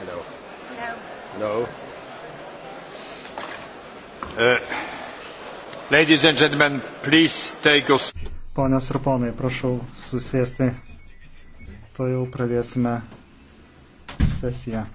Hello. No. Uh, ladies and gentlemen, please take us. Ponios ir ponai, prašau susėsti. To jau pradėsime sesiją.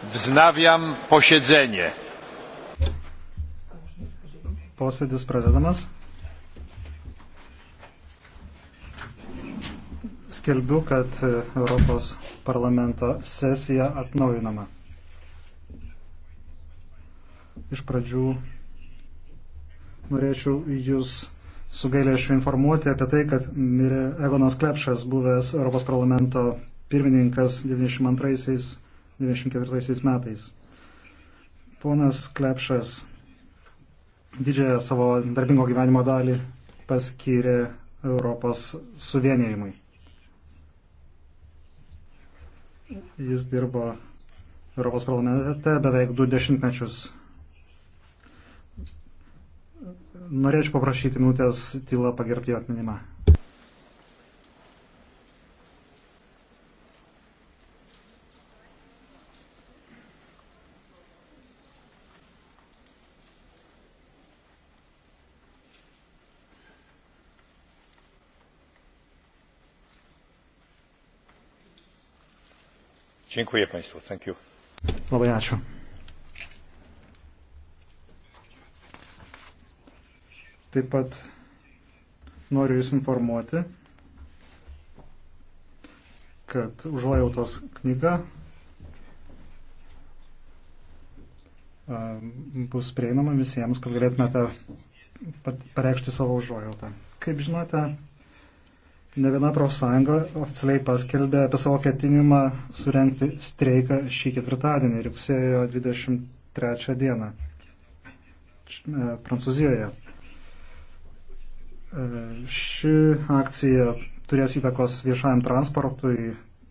Vznaviam posėdzenį. Posėdis pradedamas. Skelbiu, kad e, Europos parlamento sesija atnaujinama. Iš pradžių norėčiau Jūs su gailėšiu informuoti apie tai, kad mirė Egonas Klepšas, buvęs Europos parlamento pirmininkas 92-aisiais 24 metais. Ponas Klepšas didžiąją savo darbingo gyvenimo dalį paskyrė Europos suvienėjimui. Jis dirbo Europos parlamente beveik du dešimtmečius. Norėčiau paprašyti minutės tylą pagerbti atminimą. Dziękuję Państwu. Thank you. Labai ačiū. Taip pat noriu Jūs informuoti, kad užuojautos knyga bus prieinama visiems, kad galėtumėte pareikšti savo užuojautą. Kaip žinote, ne viena profsąjunga oficialiai paskelbė apie savo ketinimą surenkti streiką šį ketvirtadienį, rugsėjo 23 dieną e, Prancūzijoje. E, ši akcija turės įtakos viešajam transportui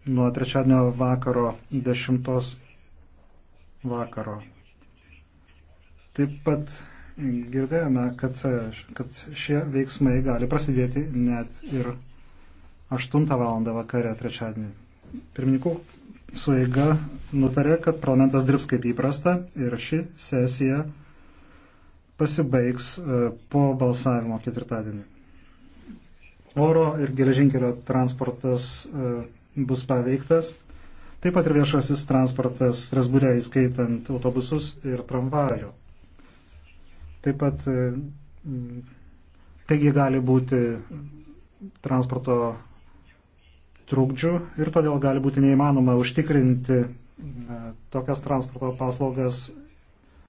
nuo trečiadienio vakaro 10 vakaro. Taip pat girdėjome, kad, kad šie veiksmai gali prasidėti net ir 8 val. vakare trečiadienį. Pirmininkų sueiga nutarė, kad parlamentas dirbs kaip įprasta ir ši sesija pasibaigs e, po balsavimo ketvirtadienį. Oro ir geležinkelio transportas e, bus paveiktas, taip pat ir viešasis transportas Strasbūrė įskaitant autobusus ir tramvajų. Taip pat e, taigi gali būti transporto trukdžių ir todėl gali būti neįmanoma užtikrinti e, tokias transporto paslaugas